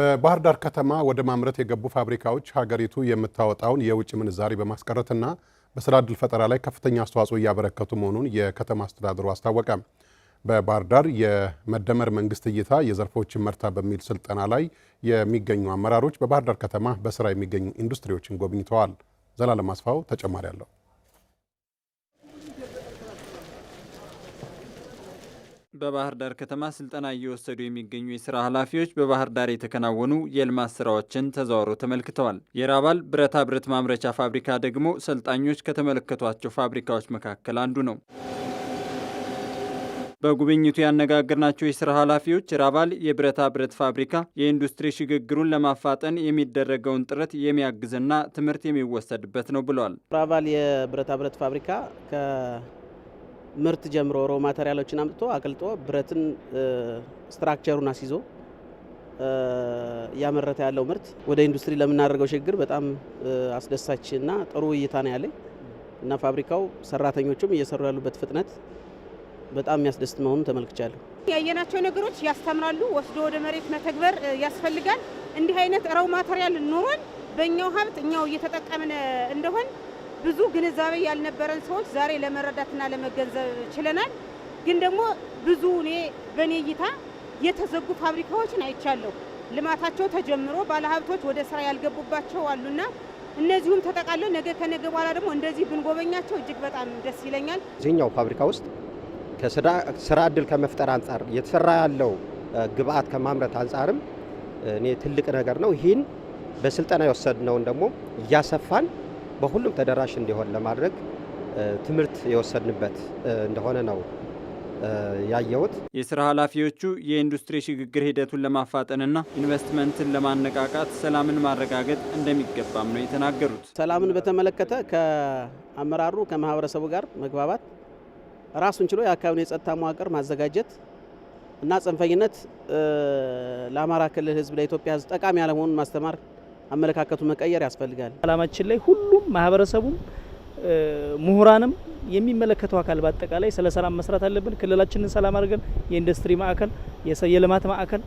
በባህር ዳር ከተማ ወደ ማምረት የገቡ ፋብሪካዎች ሀገሪቱ የምታወጣውን የውጭ ምንዛሪ በማስቀረትና በስራ ዕድል ፈጠራ ላይ ከፍተኛ አስተዋጽኦ እያበረከቱ መሆኑን የከተማ አስተዳደሩ አስታወቀ። በባህር ዳር የመደመር መንግስት እይታ የዘርፎችን መርታ በሚል ስልጠና ላይ የሚገኙ አመራሮች በባህር ዳር ከተማ በስራ የሚገኙ ኢንዱስትሪዎችን ጎብኝተዋል። ዘላለም አስፋው ተጨማሪ አለው። በባህር ዳር ከተማ ስልጠና እየወሰዱ የሚገኙ የስራ ኃላፊዎች በባህር ዳር የተከናወኑ የልማት ስራዎችን ተዘዋውረው ተመልክተዋል። የራባል ብረታ ብረት ማምረቻ ፋብሪካ ደግሞ ሰልጣኞች ከተመለከቷቸው ፋብሪካዎች መካከል አንዱ ነው። በጉብኝቱ ያነጋገርናቸው የስራ ኃላፊዎች ራባል የብረታ ብረት ፋብሪካ የኢንዱስትሪ ሽግግሩን ለማፋጠን የሚደረገውን ጥረት የሚያግዝና ትምህርት የሚወሰድበት ነው ብለዋል። ራባል የብረታ ብረት ፋብሪካ ምርት ጀምሮ ሮ ማቴሪያሎችን አምጥቶ አቅልጦ ብረትን ስትራክቸሩን አስይዞ እያመረተ ያለው ምርት ወደ ኢንዱስትሪ ለምናደርገው ሽግግር በጣም አስደሳች እና ጥሩ እይታ ነው ያለኝ እና ፋብሪካው ሰራተኞቹም እየሰሩ ያሉበት ፍጥነት በጣም የሚያስደስት መሆኑን ተመልክቻለሁ። ያየናቸው ነገሮች ያስተምራሉ። ወስዶ ወደ መሬት መተግበር ያስፈልጋል። እንዲህ አይነት ረው ማቴሪያል ኖሮን በእኛው ሀብት እኛው እየተጠቀምን እንደሆን ብዙ ግንዛቤ ያልነበረን ሰዎች ዛሬ ለመረዳትና ለመገንዘብ ችለናል። ግን ደግሞ ብዙ እኔ በእኔ እይታ የተዘጉ ፋብሪካዎችን አይቻለሁ። ልማታቸው ተጀምሮ ባለሀብቶች ወደ ስራ ያልገቡባቸው አሉና እነዚሁም ተጠቃለው ነገ ከነገ በኋላ ደግሞ እንደዚህ ብንጎበኛቸው እጅግ በጣም ደስ ይለኛል። እዚህኛው ፋብሪካ ውስጥ ከስራ እድል ከመፍጠር አንጻር የተሰራ ያለው ግብአት ከማምረት አንጻርም እኔ ትልቅ ነገር ነው። ይህን በስልጠና የወሰድነውን ደግሞ እያሰፋን በሁሉም ተደራሽ እንዲሆን ለማድረግ ትምህርት የወሰድንበት እንደሆነ ነው ያየሁት። የስራ ኃላፊዎቹ የኢንዱስትሪ ሽግግር ሂደቱን ለማፋጠንና ኢንቨስትመንትን ለማነቃቃት ሰላምን ማረጋገጥ እንደሚገባም ነው የተናገሩት። ሰላምን በተመለከተ ከአመራሩ ከማህበረሰቡ ጋር መግባባት ራሱን ችሎ የአካባቢውን የጸጥታ መዋቅር ማዘጋጀት እና ጽንፈኝነት ለአማራ ክልል ህዝብ ለኢትዮጵያ ህዝብ ጠቃሚ ያለመሆኑን ማስተማር አመለካከቱ መቀየር ያስፈልጋል። አላማችን ላይ ሁሉም ማህበረሰቡም ምሁራንም የሚመለከተው አካል በአጠቃላይ ስለ ሰላም መስራት አለብን። ክልላችንን ሰላም አድርገን የኢንዱስትሪ ማዕከል የልማት ማዕከል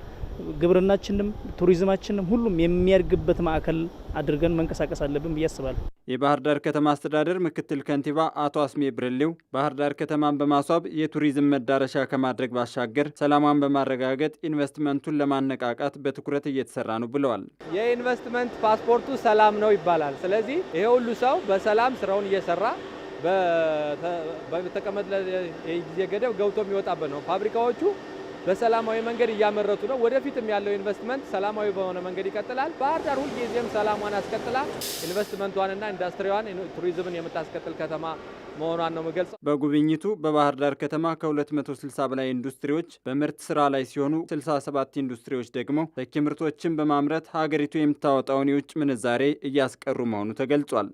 ግብርናችንም ቱሪዝማችንም ሁሉም የሚያድግበት ማዕከል አድርገን መንቀሳቀስ አለብን ብዬ አስባለሁ። የባህር ዳር ከተማ አስተዳደር ምክትል ከንቲባ አቶ አስሜ ብርሌው ባህር ዳር ከተማን በማስዋብ የቱሪዝም መዳረሻ ከማድረግ ባሻገር ሰላሟን በማረጋገጥ ኢንቨስትመንቱን ለማነቃቃት በትኩረት እየተሰራ ነው ብለዋል። የኢንቨስትመንት ፓስፖርቱ ሰላም ነው ይባላል። ስለዚህ ይሄ ሁሉ ሰው በሰላም ስራውን እየሰራ በተቀመጠለት የጊዜ ገደብ ገብቶ የሚወጣበት ነው ፋብሪካዎቹ በሰላማዊ መንገድ እያመረቱ ነው። ወደፊትም ያለው ኢንቨስትመንት ሰላማዊ በሆነ መንገድ ይቀጥላል። ባህር ዳር ሁልጊዜም ሰላሟን አስቀጥላ ኢንቨስትመንቷንና ኢንዱስትሪዋን ቱሪዝምን የምታስቀጥል ከተማ መሆኗን ነው ምገልጽ። በጉብኝቱ በባህር ዳር ከተማ ከ260 በላይ ኢንዱስትሪዎች በምርት ስራ ላይ ሲሆኑ 67 ኢንዱስትሪዎች ደግሞ ተኪ ምርቶችን በማምረት ሀገሪቱ የምታወጣውን የውጭ ምንዛሬ እያስቀሩ መሆኑ ተገልጿል።